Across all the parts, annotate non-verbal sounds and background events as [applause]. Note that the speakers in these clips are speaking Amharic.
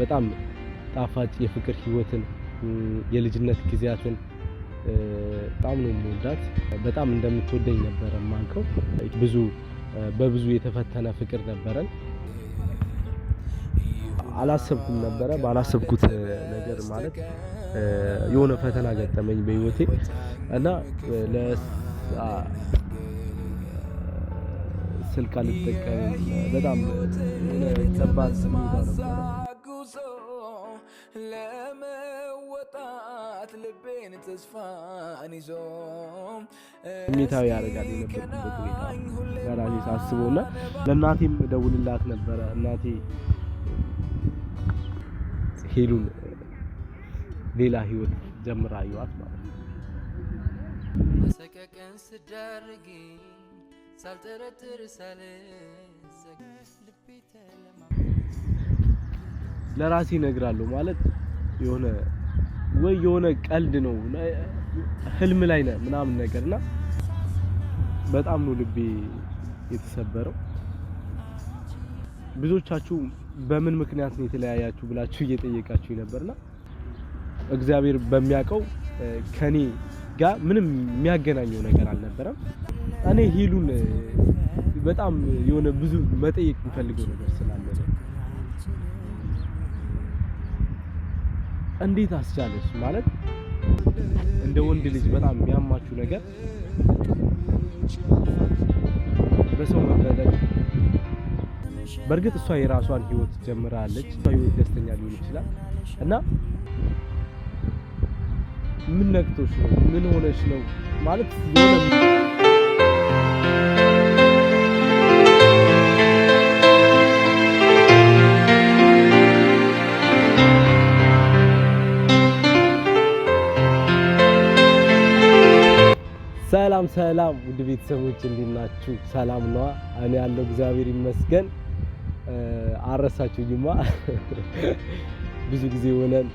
በጣም ጣፋጭ የፍቅር ህይወትን የልጅነት ጊዜያትን በጣም ነው የምወዳት። በጣም እንደምትወደኝ ነበረ ማንከው ብዙ በብዙ የተፈተነ ፍቅር ነበረን። አላሰብኩም ነበረ ባላሰብኩት ነገር ማለት የሆነ ፈተና ገጠመኝ በህይወቴ እና ስልክ አልጠቀምም። በጣም ጠባብ ስሜት ለመወጣት ልቤን ተስፋን ይዞ ስሜታዊ ያደርጋል የነበረበት ሁኔታ በራሴ ሳስበውና ለእናቴም ደውልላት ነበረ። እናቴ ሄሉን ሌላ ህይወት ጀምራ ይዋት ማለት ስዳርግ ሳልጠረጥር ሳልዘግ ልቤ ተለማ ለራሴ እነግራለሁ ማለት የሆነ ወይ የሆነ ቀልድ ነው ህልም ላይ ነው ምናምን ነገር እና በጣም ነው ልቤ የተሰበረው። ብዙዎቻችሁ በምን ምክንያት ነው የተለያያችሁ ብላችሁ እየጠየቃችሁ ነበርና እግዚአብሔር በሚያውቀው ከኔ ጋር ምንም የሚያገናኘው ነገር አልነበረም። እኔ ሂሉን በጣም የሆነ ብዙ መጠየቅ የምፈልገው ነገር ስላለ እንዴት አስቻለች ማለት እንደ ወንድ ልጅ በጣም የሚያማችሁ ነገር በሰው መበደል። በእርግጥ እሷ የራሷን ህይወት ጀምራለች። እሷ ህይወት ደስተኛ ሊሆን ይችላል እና ምን ነክቶሽ ነው? ምን ሆነሽ ነው ማለት ሰላም ሰላም፣ ውድ ቤተሰቦች እንዴት ናችሁ? ሰላም ነዋ። እኔ ያለው እግዚአብሔር ይመስገን። አረሳችሁኝማ። [laughs] ብዙ ጊዜ ሆነን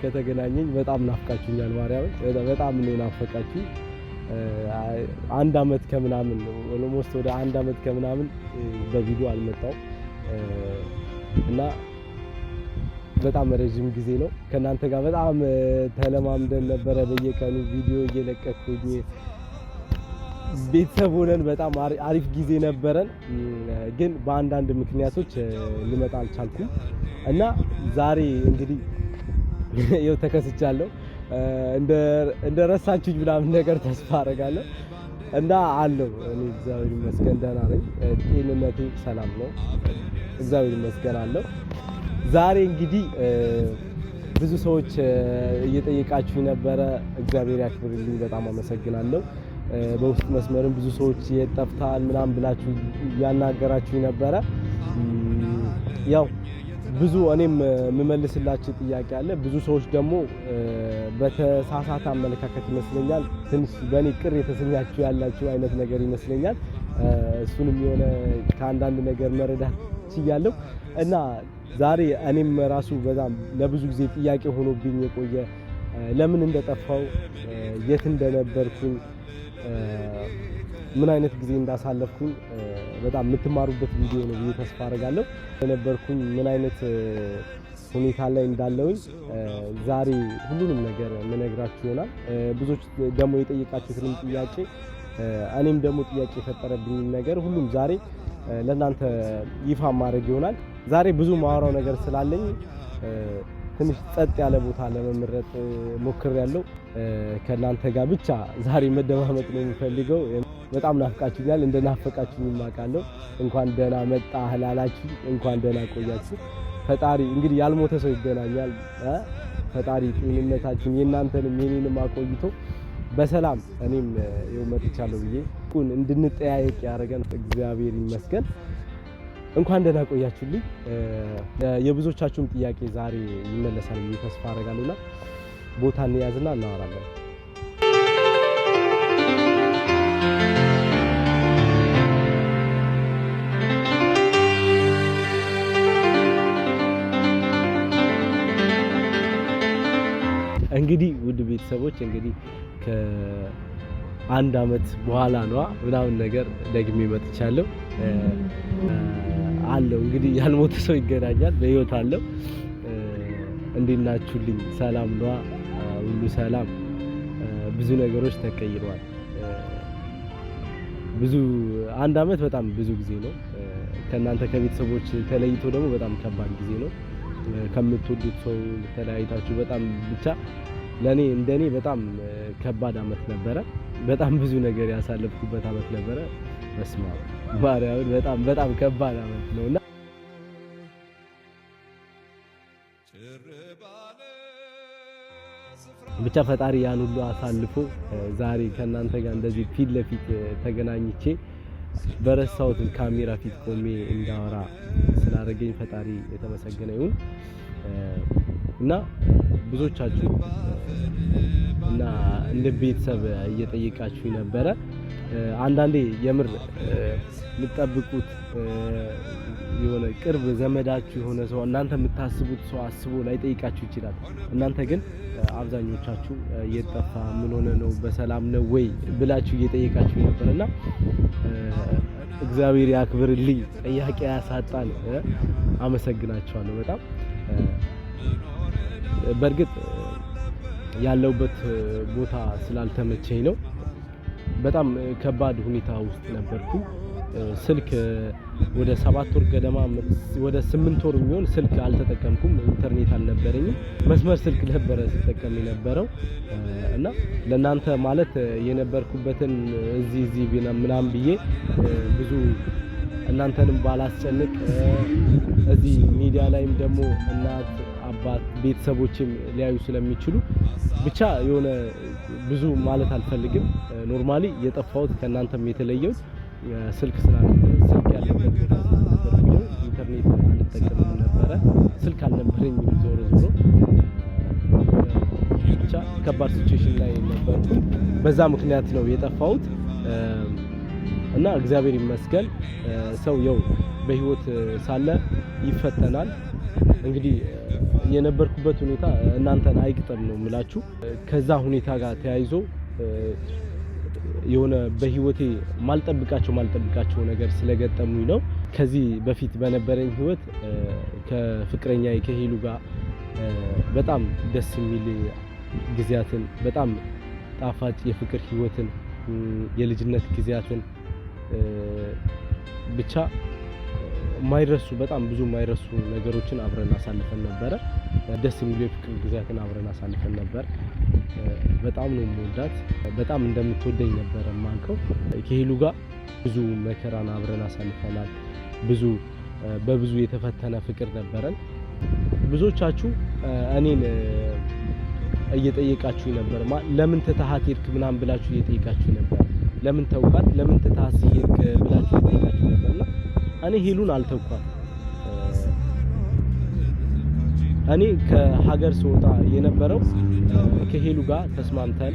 ከተገናኘኝ በጣም ናፍቃችሁኛል። ማርያም በጣም ነው ናፈቃችሁ። አንድ አመት ከምናምን ኦልሞስት ወደ አንድ አመት ከምናምን በቪዲዮ አልመጣው እና በጣም ረዥም ጊዜ ነው። ከእናንተ ጋር በጣም ተለማምደን ነበረ። በየቀኑ ቪዲዮ እየለቀኩኝ ቤተሰብ ሆነን በጣም አሪፍ ጊዜ ነበረን፣ ግን በአንዳንድ ምክንያቶች ልመጣ አልቻልኩም እና ዛሬ እንግዲህ [laughs] ይኸው ተከስቻለሁ። እንደ ረሳችሁኝ ምናምን ነገር ተስፋ አደርጋለሁ እና አለው። እኔ እግዚአብሔር ይመስገን ደህና ነኝ፣ ጤንነቴ ሰላም ነው፣ እግዚአብሔር ይመስገን አለው። ዛሬ እንግዲህ ብዙ ሰዎች እየጠየቃችሁ ነበረ። እግዚአብሔር ያክብርልኝ፣ በጣም አመሰግናለሁ። በውስጥ መስመርም ብዙ ሰዎች የጠፍተሃል ምናምን ብላችሁ ያናገራችሁ ነበረ። ያው ብዙ እኔም የምመልስላችሁ ጥያቄ አለ። ብዙ ሰዎች ደግሞ በተሳሳተ አመለካከት ይመስለኛል ትንሽ በእኔ ቅር የተሰኛችሁ ያላችሁ አይነት ነገር ይመስለኛል። እሱንም የሆነ ከአንዳንድ ነገር መረዳት ችያለሁ እና ዛሬ እኔም ራሱ በጣም ለብዙ ጊዜ ጥያቄ ሆኖብኝ የቆየ ለምን እንደጠፋው የት እንደነበርኩኝ ምን አይነት ጊዜ እንዳሳለፍኩኝ በጣም የምትማሩበት ቪዲዮ ነው ብዬ ተስፋ አደርጋለሁ። የነበርኩኝ ምን አይነት ሁኔታ ላይ እንዳለውኝ ዛሬ ሁሉንም ነገር የምነግራችሁ ይሆናል። ብዙዎች ደግሞ የጠየቃችሁትንም ጥያቄ እኔም ደግሞ ጥያቄ የፈጠረብኝ ነገር ሁሉም ዛሬ ለእናንተ ይፋ ማድረግ ይሆናል። ዛሬ ብዙ ማወራው ነገር ስላለኝ ትንሽ ጸጥ ያለ ቦታ ለመምረጥ ሞክሬያለሁ። ከእናንተ ጋር ብቻ ዛሬ መደማመጥ ነው የሚፈልገው። በጣም ናፍቃችሁኛል፣ እንደ ናፈቃችሁ ይማቃለሁ። እንኳን ደህና መጣ ህላላችሁ፣ እንኳን ደህና ቆያችሁ። ፈጣሪ እንግዲህ ያልሞተ ሰው ይገናኛል። ፈጣሪ ጤንነታችን የእናንተንም የኔንም አቆይቶ በሰላም እኔም ይኸው መጥቻለሁ ብዬ ቁን እንድንጠያየቅ ያደረገን እግዚአብሔር ይመስገን። እንኳን ደህና ቆያችሁልኝ። የብዙዎቻችሁም ጥያቄ ዛሬ ይመለሳል ተስፋ አደርጋለሁና ቦታ እንያዝና እናወራለን። እንግዲህ ውድ ቤተሰቦች እንግዲህ ከአንድ አመት በኋላ ነዋ ምናምን ነገር ደግሜ መጥቻለሁ። አለው እንግዲህ ያልሞተ ሰው ይገናኛል። በህይወት አለው። እንዴት ናችሁልኝ? ሰላም ነዋ። ሁሉ ሰላም፣ ብዙ ነገሮች ተቀይረዋል። ብዙ አንድ አመት በጣም ብዙ ጊዜ ነው። ከእናንተ ከቤተሰቦች ተለይቶ ደግሞ በጣም ከባድ ጊዜ ነው። ከምትወዱት ሰው ተለያይታችሁ በጣም ብቻ ለእኔ እንደኔ በጣም ከባድ አመት ነበረ። በጣም ብዙ ነገር ያሳለፍኩበት አመት ነበረ። በስመ አብ ማርያምን በጣም በጣም ከባድ አመት ነውና ብቻ ፈጣሪ ያን ሁሉ አሳልፎ ዛሬ ከእናንተ ጋር እንደዚህ ፊት ለፊት ተገናኝቼ በረሳሁት ካሜራ ፊት ቆሜ እንዳወራ ስላደረገኝ ፈጣሪ የተመሰገነ ይሁን እና ብዙዎቻችሁ እና እንደ ቤተሰብ እየጠየቃችሁ ነበረ። አንዳንዴ የምር የምትጠብቁት የሆነ ቅርብ ዘመዳችሁ የሆነ ሰው እናንተ የምታስቡት ሰው አስቦ ላይጠይቃችሁ ይችላል። እናንተ ግን አብዛኞቻችሁ እየጠፋ ምን ሆነ ነው በሰላም ነው ወይ ብላችሁ እየጠየቃችሁ ነበር እና እግዚአብሔር ያክብርልኝ። ጠያቂ ያሳጣን። አመሰግናችኋለሁ በጣም በእርግጥ ያለውበት ቦታ ስላልተመቸኝ ነው። በጣም ከባድ ሁኔታ ውስጥ ነበርኩ ስልክ ወደ ሰባት ወር ገደማ ወደ ስምንት ወር የሚሆን ስልክ አልተጠቀምኩም። ኢንተርኔት አልነበረኝም። መስመር ስልክ ነበረ ስጠቀም የነበረው እና ለእናንተ ማለት የነበርኩበትን እዚህ እዚህ ምናምን ብዬ ብዙ እናንተንም ባላስጨንቅ እዚህ ሚዲያ ላይም ደግሞ እናት አባት ቤተሰቦችም ሊያዩ ስለሚችሉ ብቻ የሆነ ብዙ ማለት አልፈልግም። ኖርማሊ የጠፋሁት ከእናንተም የተለየሁት የስልክ ስላለ ስልክ ያለበት ኢንተርኔት አንጠቀምም ነበረ። ስልክ አልነበረኝ። ዞሮ ዞሮ ብቻ ከባድ ሲቹዌሽን ላይ ነበር በዛ ምክንያት ነው የጠፋሁት እና እግዚአብሔር ይመስገን ሰው የው በህይወት ሳለ ይፈተናል። እንግዲህ የነበርኩበት ሁኔታ እናንተን አይቅጠም ነው የምላችሁ። ከዛ ሁኔታ ጋር ተያይዞ የሆነ በህይወቴ ማልጠብቃቸው ማልጠብቃቸው ነገር ስለገጠሙኝ ነው። ከዚህ በፊት በነበረኝ ህይወት ከፍቅረኛ ከሄሉ ጋር በጣም ደስ የሚል ጊዜያትን በጣም ጣፋጭ የፍቅር ህይወትን የልጅነት ጊዜያትን ብቻ ማይረሱ በጣም ብዙ ማይረሱ ነገሮችን አብረን አሳልፈን ነበረ። ደስ የሚሉ የፍቅር ጊዜያትን አብረን አሳልፈን ነበር። በጣም ነው የምወዳት። በጣም እንደምትወደኝ ነበረ ማንከው ከሄሉ ጋር ብዙ መከራን አብረን አሳልፈናል። ብዙ በብዙ የተፈተነ ፍቅር ነበረን። ብዙዎቻችሁ እኔን እየጠየቃችሁ ነበር፣ ለምን ትተሃት ሄድክ ምናምን ብላችሁ እየጠየቃችሁ ነበር። ለምን ተውኳት፣ ለምን ትተሃት ሄድክ ብላችሁ እየጠየቃችሁ ነበርና እኔ ሄሉን አልተውኳት እኔ ከሀገር ስወጣ የነበረው ከሄሉ ጋር ተስማምተን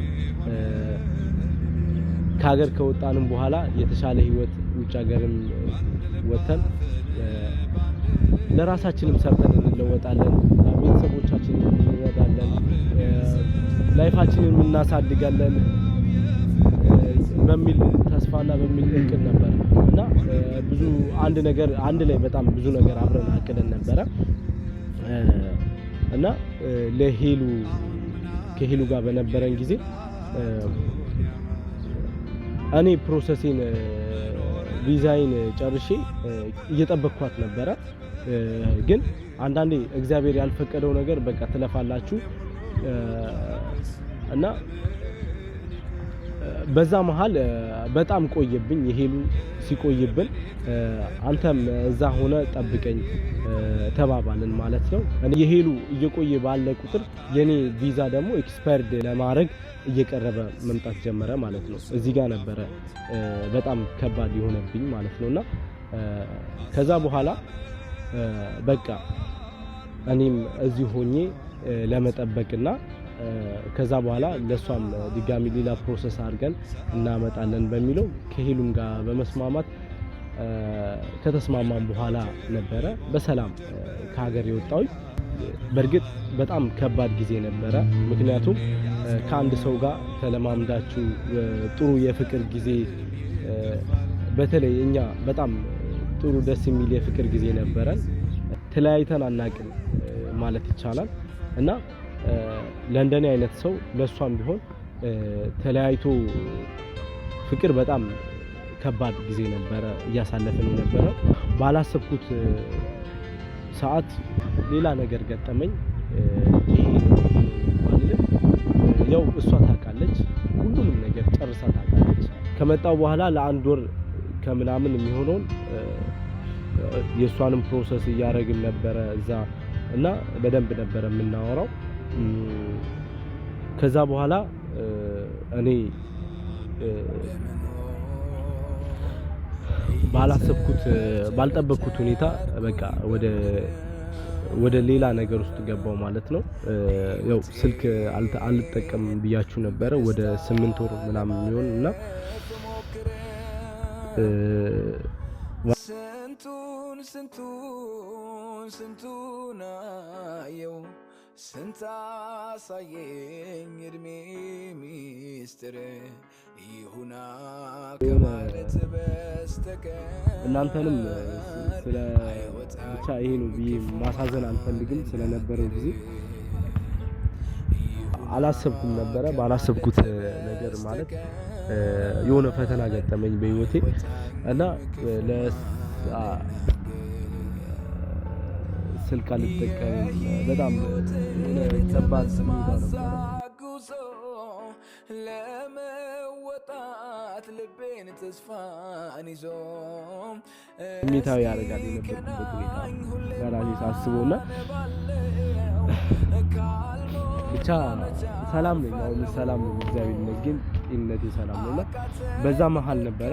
ከሀገር ከወጣንም በኋላ የተሻለ ህይወት ውጭ ሀገርም ወጥተን ለራሳችንም ሰርተን እንለወጣለን፣ ቤተሰቦቻችን እንረዳለን፣ ላይፋችንን እናሳድጋለን በሚል ተስፋና በሚል እቅድ ነበር እና ብዙ አንድ ነገር አንድ ላይ በጣም ብዙ ነገር አብረን አቅደን ነበረ። እና ለሄሉ ከሄሉ ጋር በነበረን ጊዜ እኔ ፕሮሰሴን ቪዛይን ጨርሼ እየጠበቅኳት ነበረ። ግን አንዳንዴ እግዚአብሔር ያልፈቀደው ነገር በቃ ትለፋላችሁ እና በዛ መሀል በጣም ቆየብኝ የሄሉ ሲቆይብን አንተም እዛ ሆነ ጠብቀኝ ተባባልን ማለት ነው። የሄሉ እየቆየ ባለ ቁጥር የኔ ቪዛ ደግሞ ኤክስፐርድ ለማድረግ እየቀረበ መምጣት ጀመረ ማለት ነው። እዚህ ጋር ነበረ በጣም ከባድ የሆነብኝ ማለት ነው። እና ከዛ በኋላ በቃ እኔም እዚህ ሆኜ ለመጠበቅና ከዛ በኋላ ለእሷም ድጋሚ ሌላ ፕሮሰስ አድርገን እናመጣለን በሚለው ከሄሉም ጋር በመስማማት ከተስማማም በኋላ ነበረ በሰላም ከሀገር የወጣሁኝ። በእርግጥ በጣም ከባድ ጊዜ ነበረ። ምክንያቱም ከአንድ ሰው ጋር ተለማምዳችሁ ጥሩ የፍቅር ጊዜ በተለይ እኛ በጣም ጥሩ ደስ የሚል የፍቅር ጊዜ ነበረን። ተለያይተን አናቅም ማለት ይቻላል እና ለእንደኔ አይነት ሰው ለእሷም ቢሆን ተለያይቶ ፍቅር በጣም ከባድ ጊዜ ነበረ እያሳለፍን የነበረው። ባላሰብኩት ሰዓት ሌላ ነገር ገጠመኝ። ያው እሷ ታውቃለች፣ ሁሉንም ነገር ጨርሳ ታውቃለች። ከመጣው በኋላ ለአንድ ወር ከምናምን የሚሆነውን የእሷንም ፕሮሰስ እያደረግን ነበረ እዛ እና በደንብ ነበረ የምናወራው ከዛ በኋላ እኔ ባላሰብኩት ባልጠበቅኩት ሁኔታ በቃ ወደ ወደ ሌላ ነገር ውስጥ ገባው ማለት ነው። ያው ስልክ አልጠቀም ብያችሁ ነበረ ወደ ስምንት ወር ምናምን የሚሆን እና ስንቱን ስንቱን ስንቱን አየው ስንት እድሜ ሚስጥር ይሁና ከማለት በስተቀር እናንተንም ስለ ብቻ ይሄ ነው ብዬ ማሳዘን አልፈልግም። ስለነበረው ጊዜ አላሰብኩም ነበረ። ባላሰብኩት ነገር ማለት የሆነ ፈተና ገጠመኝ በህይወቴ እና ስልክ አልጠቀምም። በጣም ከባድ ጉዞ ለመወጣት ልቤን ተስፋን ይዞ ስሜታዊ ያደርጋል የነበርኩበት ሁኔታ በራሴ ሳስቦና ብቻ ሰላም ነኝ። አሁን ሰላም ነው፣ እግዚአብሔር ይመስገን፣ ጤንነቴ ሰላም ነውና በዛ መሀል ነበረ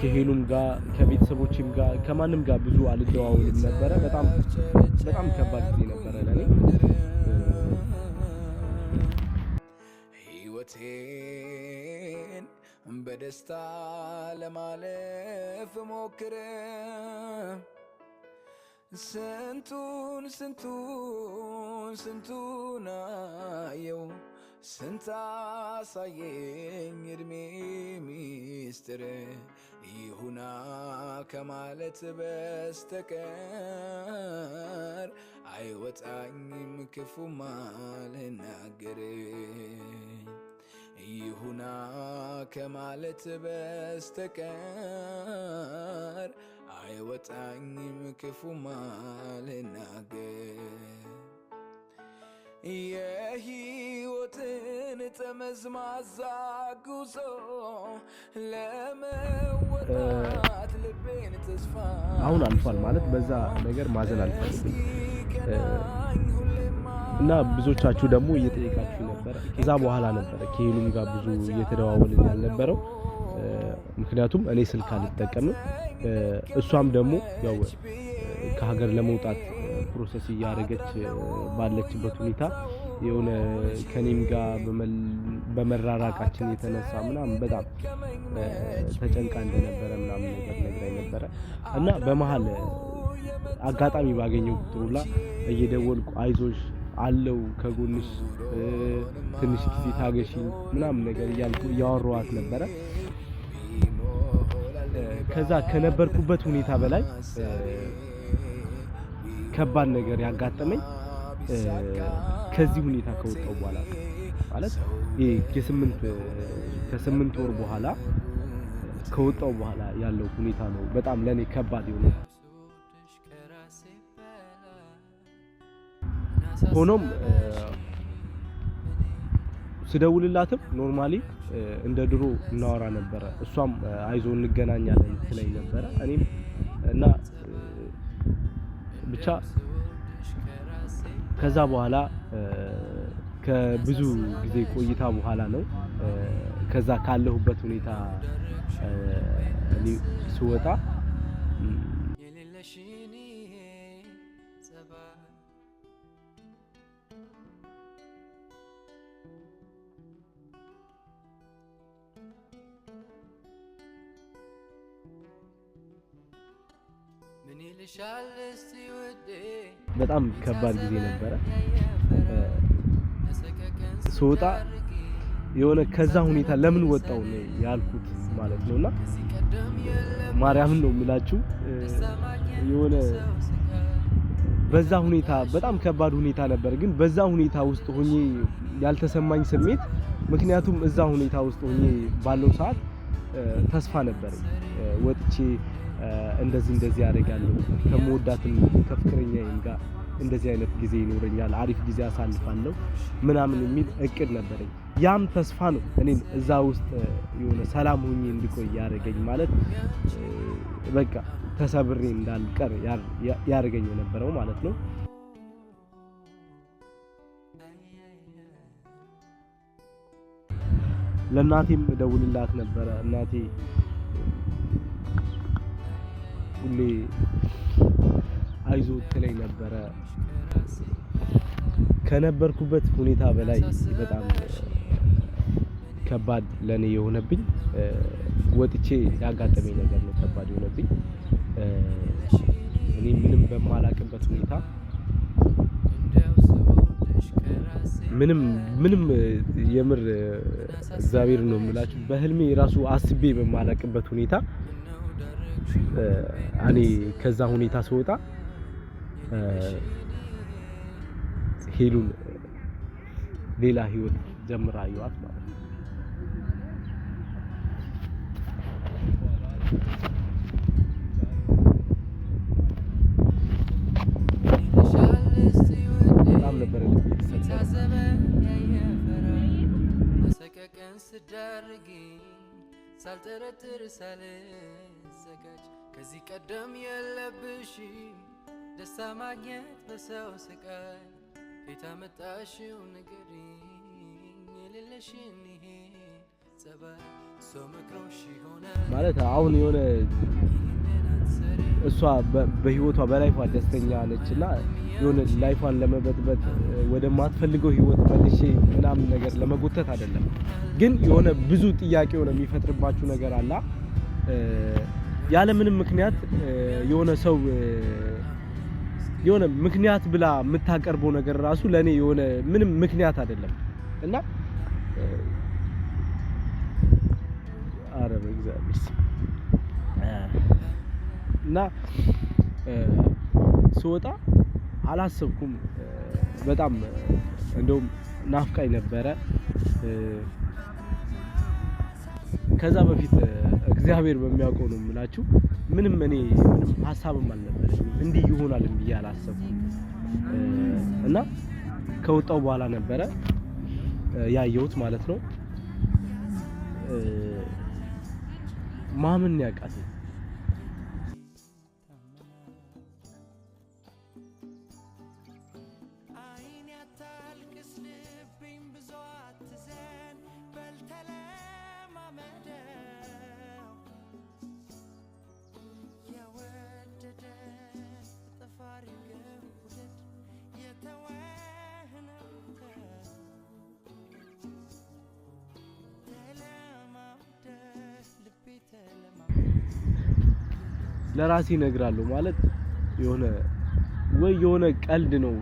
ከሄሉም ጋር ከቤተሰቦችም ጋር ከማንም ጋር ብዙ አልደዋውልም ነበረ። በጣም በጣም ከባድ ጊዜ ነበረ ለኔ። በደስታ ለማለፍ ሞክረ ስንቱን ስንቱን ስንቱን አየው ስንታሳየኝ እድሜ ሚስጥር ይሁና ከማለት በስተቀር አይወጣኝም ክፉ ማልናገር ይሁና ከማለት በስተቀር አይወጣኝም ክፉ ማልናገር የሕይወትን ጠመዝማዛ ጉዞ ለመው አሁን አልፏል ማለት በዛ ነገር ማዘን አልፈልግም እና ብዙዎቻችሁ ደግሞ እየጠየቃችሁ ነበረ። ከዛ በኋላ ነበረ ከሄሉም ጋር ብዙ እየተደዋወልን ያልነበረው ምክንያቱም እኔ ስልክ አልጠቀምም፣ እሷም ደግሞ ያው ከሀገር ለመውጣት ፕሮሰስ እያደረገች ባለችበት ሁኔታ የሆነ ከኔም ጋር በመራራቃችን የተነሳ ምናምን በጣም ተጨንቃ እንደነበረ ምናምን ነገር ነግራኝ ነበረ እና በመሀል አጋጣሚ ባገኘው ቁጥር ሁላ እየደወልኩ አይዞሽ አለው ከጎንሽ ትንሽ ጊዜ ታገሺ ምናምን ነገር እያልኩ እያወራኋት ነበረ። ከዛ ከነበርኩበት ሁኔታ በላይ ከባድ ነገር ያጋጠመኝ ከዚህ ሁኔታ ከወጣው በኋላ ማለት ከስምንት ወር በኋላ ከወጣው በኋላ ያለው ሁኔታ ነው በጣም ለእኔ ከባድ የሆነ። ሆኖም ስደውልላትም ኖርማሊ እንደ ድሮ እናወራ ነበረ። እሷም አይዞ እንገናኛለን ትለኝ ነበረ። እኔም እና ብቻ ከዛ በኋላ ከብዙ ጊዜ ቆይታ በኋላ ነው። ከዛ ካለሁበት ሁኔታ ስወጣ በጣም ከባድ ጊዜ ነበረ። ስወጣ የሆነ ከዛ ሁኔታ ለምን ወጣው ነው ያልኩት ማለት ነውና ማርያምን ነው የምላችሁ የሆነ በዛ ሁኔታ በጣም ከባድ ሁኔታ ነበር። ግን በዛ ሁኔታ ውስጥ ሆኜ ያልተሰማኝ ስሜት ምክንያቱም እዛ ሁኔታ ውስጥ ሆኜ ባለው ሰዓት ተስፋ ነበር ወጥቼ እንደዚህ እንደዚህ ያደርጋለሁ ከምወዳትም ከፍቅረኛዬም ጋር እንደዚህ አይነት ጊዜ ይኖረኛል፣ አሪፍ ጊዜ አሳልፋለሁ ምናምን የሚል እቅድ ነበረኝ። ያም ተስፋ ነው እኔም እዛ ውስጥ የሆነ ሰላም ሆኜ እንድቆይ ያደረገኝ ማለት በቃ ተሰብሬ እንዳልቀር ያደረገኝ የነበረው ማለት ነው። ለእናቴም እደውልላት ነበረ እናቴ ሁሌ አይዞ ትለኝ ነበረ። ከነበርኩበት ሁኔታ በላይ በጣም ከባድ ለእኔ የሆነብኝ ወጥቼ ያጋጠመኝ ነገር ነው ከባድ የሆነብኝ። እኔ ምንም በማላቅበት ሁኔታ ምንም ምንም የምር እግዚአብሔር ነው የምላችሁ። በህልሜ ራሱ አስቤ በማላቅበት ሁኔታ እኔ ከዛ ሁኔታ ስወጣ ሄሉን ሌላ ህይወት ጀምራ ይዋት ማለት ነው። ሳልጠረጥር ሳልዘጋጅ ከዚህ ቀደም የለብሽም ደስታ ማግኘት በሰው ስቃይ የታመጣሽው ንገሪኝ የሌለሽን ጸባይ ሰው ማለት አሁን የሆነ እሷ በህይወቷ በላይፏ ደስተኛ ነች እና የሆነ ላይፏን ለመበጥበጥ ወደማትፈልገው ህይወት መልሼ ምናምን ነገር ለመጎተት አይደለም፣ ግን የሆነ ብዙ ጥያቄ የሆነ የሚፈጥርባችሁ ነገር አላ ያለ ምንም ምክንያት የሆነ ሰው የሆነ ምክንያት ብላ የምታቀርበው ነገር ራሱ ለእኔ የሆነ ምንም ምክንያት አይደለም እና አረ በእግዚአብሔር እና ስወጣ አላሰብኩም። በጣም እንደውም ናፍቃኝ ነበረ። ከዛ በፊት እግዚአብሔር በሚያውቀው ነው የምላችሁ ምንም እኔ ምንም ሀሳብም አልነበረኝ እንዲህ ይሆናል ብዬ አላሰብኩም። እና ከወጣው በኋላ ነበረ ያየሁት ማለት ነው ማመን ያቃተኝ ለራሴ እነግራለሁ ማለት የሆነ ወይ የሆነ ቀልድ ነው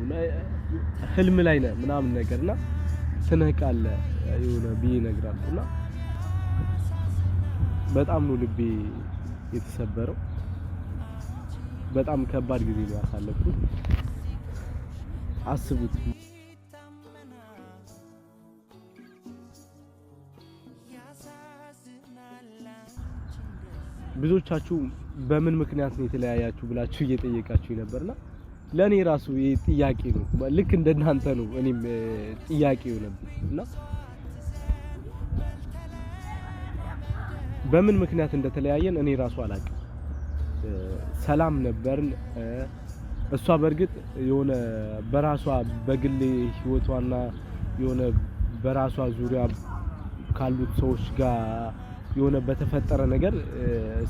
ህልም ላይ ነህ ምናምን ነገርና ትነቃለህ የሆነ ብዬ እነግራለሁ እና በጣም ነው ልቤ የተሰበረው። በጣም ከባድ ጊዜ ነው ያሳለፍኩት። አስቡት። ብዙዎቻችሁ በምን ምክንያት ነው የተለያያችሁ ብላችሁ እየጠየቃችሁ ነበርና ለእኔ ራሱ ጥያቄ ነው። ልክ እንደናንተ ነው እኔም ጥያቄ ነበር እና በምን ምክንያት እንደተለያየን እኔ ራሱ አላውቅም። ሰላም ነበርን። እሷ በእርግጥ የሆነ በራሷ በግል ህይወቷና የሆነ በራሷ ዙሪያ ካሉት ሰዎች ጋር የሆነ በተፈጠረ ነገር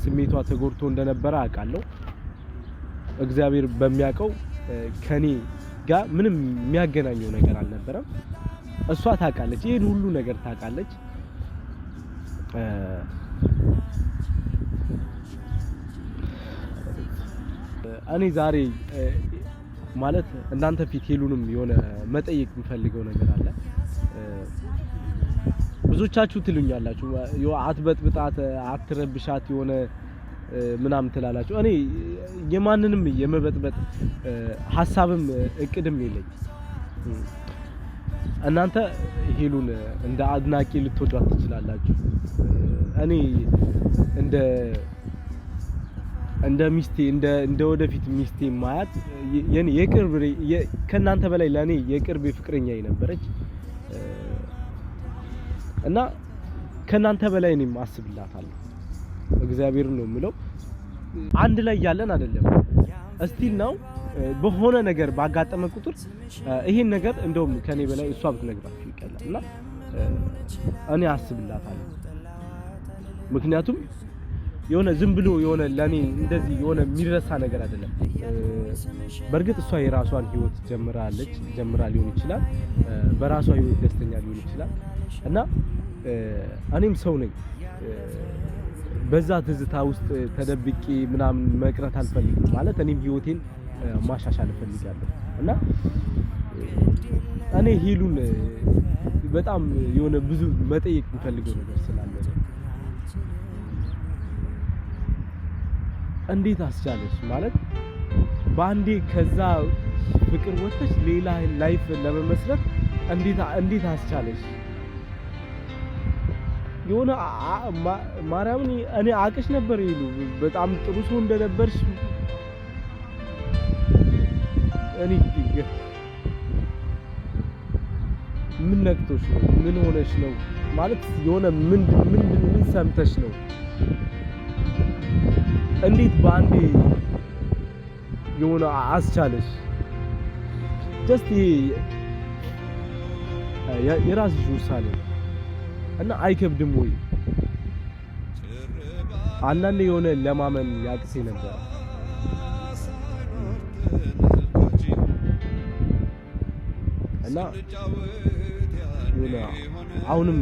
ስሜቷ ተጎድቶ እንደነበረ አውቃለሁ። እግዚአብሔር በሚያውቀው ከኔ ጋር ምንም የሚያገናኘው ነገር አልነበረም። እሷ ታውቃለች፣ ይህን ሁሉ ነገር ታውቃለች። እኔ ዛሬ ማለት እናንተ ፊት ሄሉንም የሆነ መጠየቅ የምፈልገው ነገር አለ። ብዙቻችሁ ትሉኛላችሁ አትበጥብጣት፣ አትረብሻት የሆነ ምናምን ትላላችሁ። እኔ የማንንም የመበጥበጥ ሀሳብም እቅድም የለኝ። እናንተ ሄሉን እንደ አድናቂ ልትወዷት ትችላላችሁ። እኔ እንደ እንደ ሚስቴ እንደ እንደ ወደፊት ሚስቴ ማያት የኔ የቅርብ ከእናንተ በላይ ለኔ የቅርብ ፍቅረኛ የነበረች እና ከእናንተ በላይ እኔም አስብላታለሁ። እግዚአብሔር ነው የምለው። አንድ ላይ ያለን አይደለም እስቲል ነው በሆነ ነገር ባጋጠመ ቁጥር ይሄን ነገር እንደውም ከኔ በላይ እሷ ብትነግራችሁ ይቀላል እና እኔ አስብላታለሁ። ምክንያቱም የሆነ ዝም ብሎ የሆነ ለኔ እንደዚህ የሆነ የሚረሳ ነገር አይደለም። በእርግጥ እሷ የራሷን ህይወት ጀምራለች ጀምራ ሊሆን ይችላል። በራሷ ህይወት ደስተኛ ሊሆን ይችላል። እና እኔም ሰው ነኝ። በዛ ትዝታ ውስጥ ተደብቂ ምናምን መቅረት አልፈልግም። ማለት እኔም ህይወቴን ማሻሻል እፈልጋለሁ እና እኔ ሄሉን በጣም የሆነ ብዙ መጠየቅ የምፈልገው ነገር ስላለ እንዴት አስቻለች? ማለት በአንዴ ከዛ ፍቅር ወጥተች ሌላ ላይፍ ለመመስረት እንዴት አስቻለች? የሆነ ማርያምን እኔ አቅሽ ነበር ይሉ በጣም ጥሩ ሰው እንደነበርሽ እኔ ምን ነክቶሽ ነው? ምን ሆነሽ ነው? ማለት የሆነ ምን ምን ምን ሰምተሽ ነው? እንዴት በአንዴ የሆነ አስቻለሽ? ጀስት ይሄ የራስሽ ውሳኔ እና አይከብድም ወይ? አንዳንድ የሆነ ለማመን ያቅሴ ነበር። እና አሁንም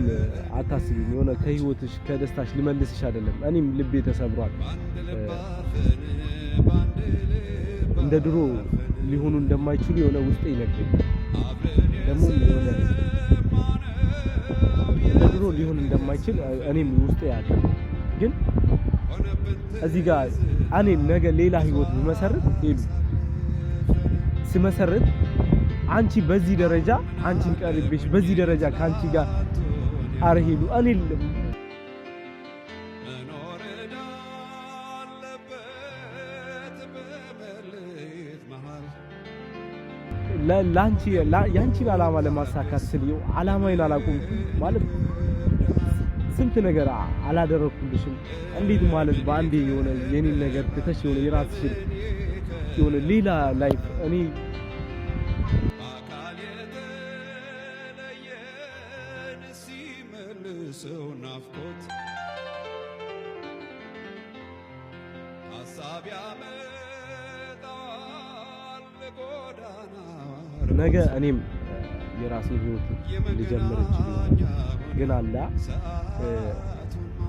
አታስቢም፣ የሆነ ከህይወትሽ ከደስታሽ ልመልስሽ አይደለም። እኔም ልቤ ተሰብሯል። እንደ ድሮ ሊሆኑ እንደማይችሉ የሆነ ውስጤ ይነግረኝ ደግሞ የሆነ ድሮ ሊሆን እንደማይችል እኔም ውስጥ ያለ ግን እዚህ ጋር እኔ ነገ ሌላ ህይወት ብመሰርት ሄሉ ስመሰርት አንቺ በዚህ ደረጃ አንቺን ቀርቤሽ በዚህ ደረጃ ከአንቺ ጋር አረ ሄሉ እኔ ለላንቺ ያንቺ ዓላማ ለማሳካት ስል ዓላማዬን አላቁም ማለት ስንት ነገር አላደረኩልሽም። እንዴት ማለት በአንዴ የሆነ የኔን ነገር ትተሽ የሆነ የራስሽን የሆነ ሌላ ላይፍ እኔ ሰው ናፍቆት ነገ እኔም የራሴን ህይወት ልጀምር እችል ግን አላ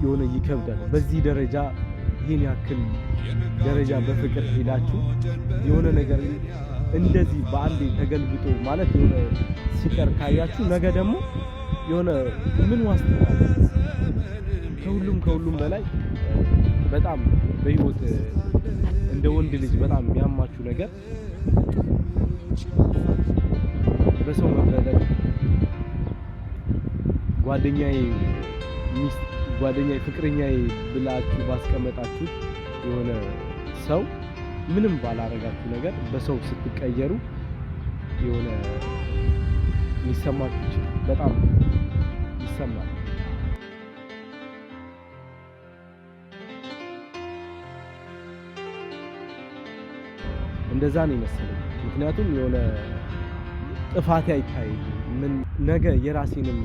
የሆነ ይከብዳል። በዚህ ደረጃ ይህን ያክል ደረጃ በፍቅር ሄዳችሁ የሆነ ነገር እንደዚህ በአንዴ ተገልብጦ ማለት የሆነ ሲቀር ካያችሁ ነገ ደግሞ የሆነ ምን ዋስትና ከሁሉም ከሁሉም በላይ በጣም በህይወት እንደ ወንድ ልጅ በጣም የሚያማችሁ ነገር በሰው መበለጥ ጓደኛዬ ሚስት ጓደኛዬ ፍቅረኛዬ ብላችሁ ባስቀመጣችሁት የሆነ ሰው ምንም ባላረጋችሁ ነገር በሰው ስትቀየሩ የሆነ ሊሰማችሁ በጣም ይሰማል። እንደዛ ነው ይመስለኝ። ምክንያቱም የሆነ ጥፋቴ አይታይ ምን ነገ የራሴንም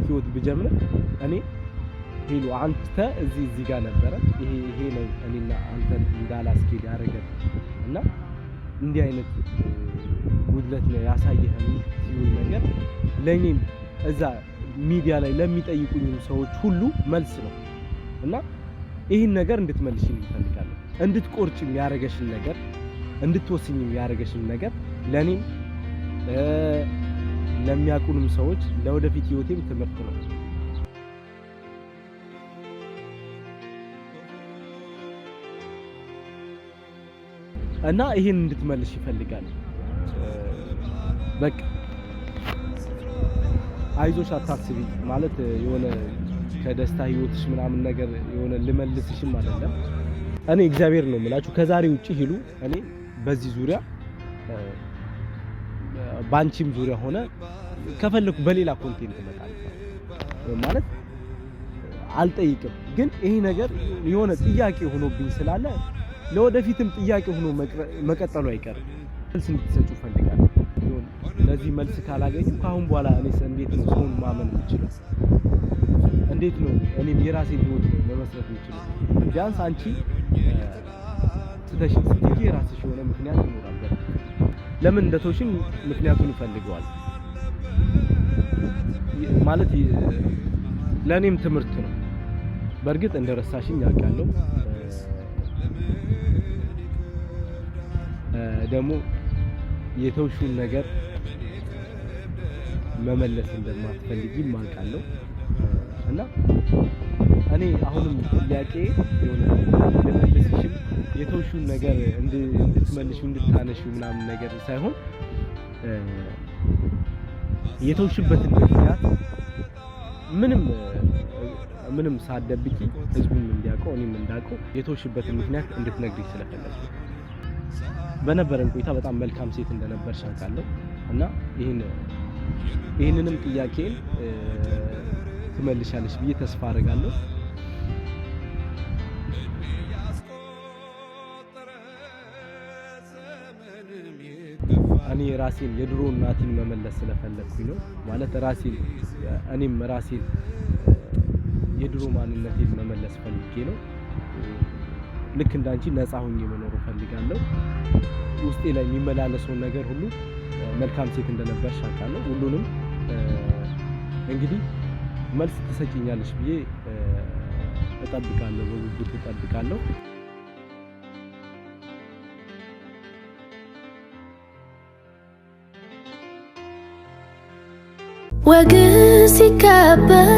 ህይወት ብጀምር እኔ ሄሎ አንተ እዚህ እዚህ ጋር ነበረ ይሄ ይሄ ነው እኔና አንተ እንዳላስኬድ ያደረገን እና እንዲህ አይነት ጉድለት ነው ያሳየህን ሲሆን ነገር ለእኔም እዛ ሚዲያ ላይ ለሚጠይቁኝም ሰዎች ሁሉ መልስ ነው እና ይህን ነገር እንድትመልሽልኝ እፈልጋለሁ። እንድትቆርጭም ያደረገሽን ነገር እንድትወስኝ ያደረገሽን ነገር ለእኔም ለሚያውቁንም ሰዎች ለወደፊት ህይወቴም ትምህርት ነው። እና ይሄን እንድትመልሽ ይፈልጋል። በቃ አይዞሽ፣ አታስቢ ማለት የሆነ ከደስታ ህይወትሽ ምናምን ነገር የሆነ ልመልስሽም አይደለም። እኔ እግዚአብሔር ነው የምላችሁ ከዛሬ ውጪ ሂሉ እኔ በዚህ ዙሪያ በአንቺም ዙሪያ ሆነ ከፈለኩ በሌላ ኮንቴንት እመጣለሁ ማለት አልጠይቅም። ግን ይሄ ነገር የሆነ ጥያቄ ሆኖብኝ ስላለ ለወደፊትም ጥያቄ ሆኖ መቀጠሉ አይቀርም። መልስ እንድትሰጩ ፈልጋለሁ። ለዚህ መልስ ካላገኙ ከአሁን በኋላ እኔ እንዴት ነው ሰውን ማመን የምችለው? እንዴት ነው እኔም የራሴን ህይወት ነው መመስረት የምችለው? ቢያንስ አንቺ ትተሽን ስትሄጂ የራስሽ የሆነ ምክንያት ይኖራል። ለምን እንደተውሽን ምክንያቱን ይፈልገዋል ማለት ለእኔም ትምህርት ነው። በእርግጥ እንደ እንደረሳሽኝ ያውቃለሁ። ደግሞ የተውሹን ነገር መመለስ እንደማትፈልጊ አውቃለሁ እና እኔ አሁንም ጥያቄ የሆነ ልመልስሽም የተውሹን ነገር እንድትመልሹ እንድታነሹ ምናምን ነገር ሳይሆን የተውሽበትን ምክንያት ምንም ምንም ሳደብቂ ህዝቡም እንዲያውቀው እኔም እንዳውቀው የተውሽበትን ምክንያት እንድትነግሪኝ ስለፈለግኩ በነበረን ቆይታ በጣም መልካም ሴት እንደነበር ሻንካለሁ እና ይህን ይህንንም ጥያቄን ትመልሻለች ብዬ ተስፋ አደርጋለሁ። እኔ ራሴን የድሮ እናቴን መመለስ ስለፈለግኩኝ ነው። ማለት ራሴን እኔም ራሴን የድሮ ማንነቴን መመለስ ፈልጌ ነው። ልክ እንዳንቺ ነፃ ሆኜ መኖር ፈልጋለሁ። ውስጤ ላይ የሚመላለሰውን ነገር ሁሉ መልካም ሴት እንደነበር ሻቃለሁ። ሁሉንም እንግዲህ መልስ ትሰጭኛለች ብዬ እጠብቃለሁ፣ በጉጉት እጠብቃለሁ። ወግ ሲከበር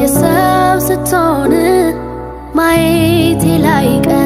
የሰው ስትሆን ማየቴ ላይ ቀር